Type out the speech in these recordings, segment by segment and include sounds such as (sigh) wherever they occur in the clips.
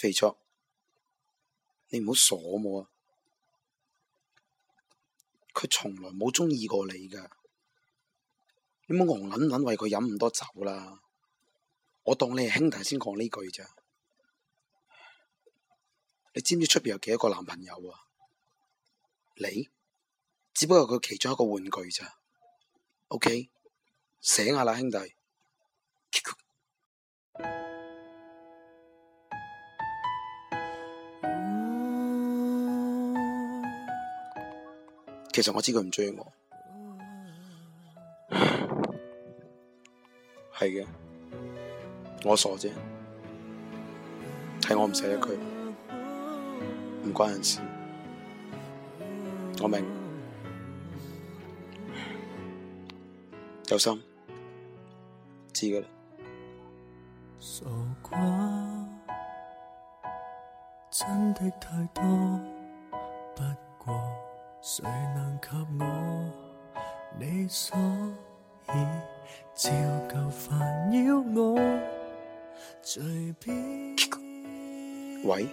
肥卓，你唔好傻我啊！佢從來冇鍾意過你噶，你唔好戇捻捻為佢飲咁多酒啦！我當你係兄弟先講呢句咋。你知唔知出邊有幾多個男朋友啊？你只不過佢其中一個玩具咋。OK，醒下啦，兄弟。其實我知佢唔中意我，係嘅，我傻啫，係我唔捨得佢，唔關人事，我明，有心，知嘅喇。傻瓜，真的太多，不過誰能給我？我。你所以照舊煩擾我喂，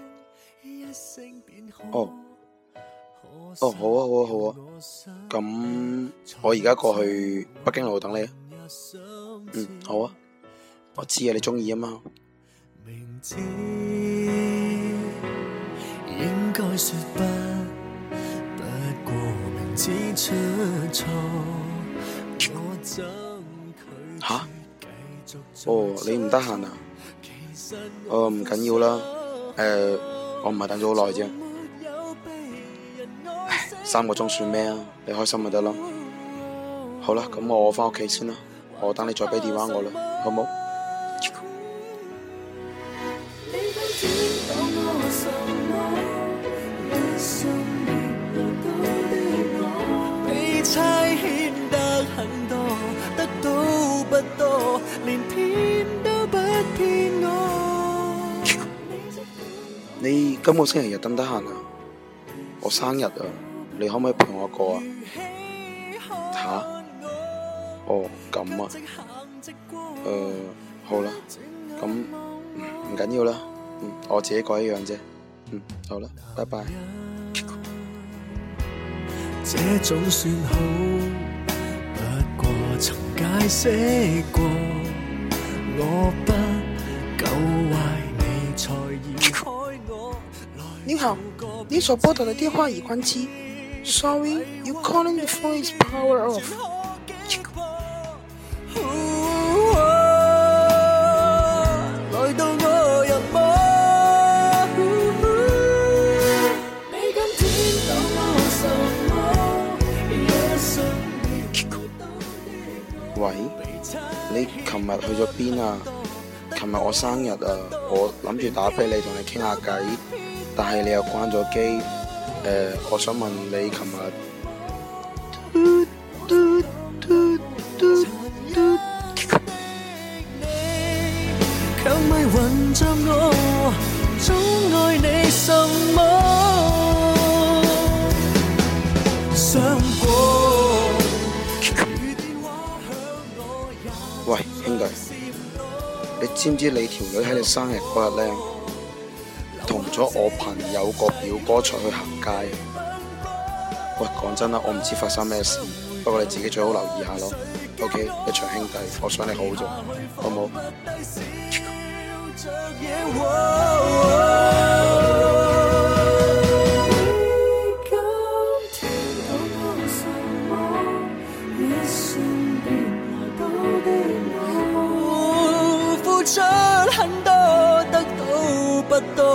(noise) 哦，哦，好啊，好啊，好啊，咁我而家過去北京路等你啊。嗯，好啊，我知啊，你中意啊嘛。吓、啊？哦，你唔得閒啊？哦、呃，唔緊要啦。誒、呃，我唔係等咗好耐啫。唉，三個鐘算咩啊？你開心咪得咯。好啦，咁我翻屋企先啦。我等你再俾電話我啦，好冇？今個星期日得唔得閒啊？我生日啊，你可唔可以陪我過啊？吓？哦，咁啊。呃，好啦，咁唔緊要啦，嗯，我自己過一樣啫。嗯，好啦，拜拜。你好，你所撥打的電話已關機。Sorry, you calling the phone is power off。喂，你琴日去咗邊啊？琴日我生日啊，我諗住打俾你同你傾下偈。但係你又關咗機，誒、呃，我想問你琴日。 (music) 喂，兄弟，你知唔知你條女喺你生日過日呢？除咗我朋友個表哥出去行街，喂，講真啦，我唔知發生咩事，不過你自己最好留意下咯，OK，一場兄弟，我想你好咗，好唔好？ (music)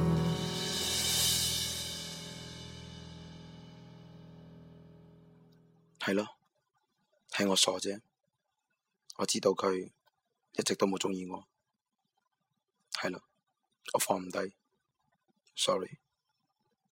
係咯，係我傻啫。我知道佢一直都冇鍾意我，係咯，我放唔低。Sorry。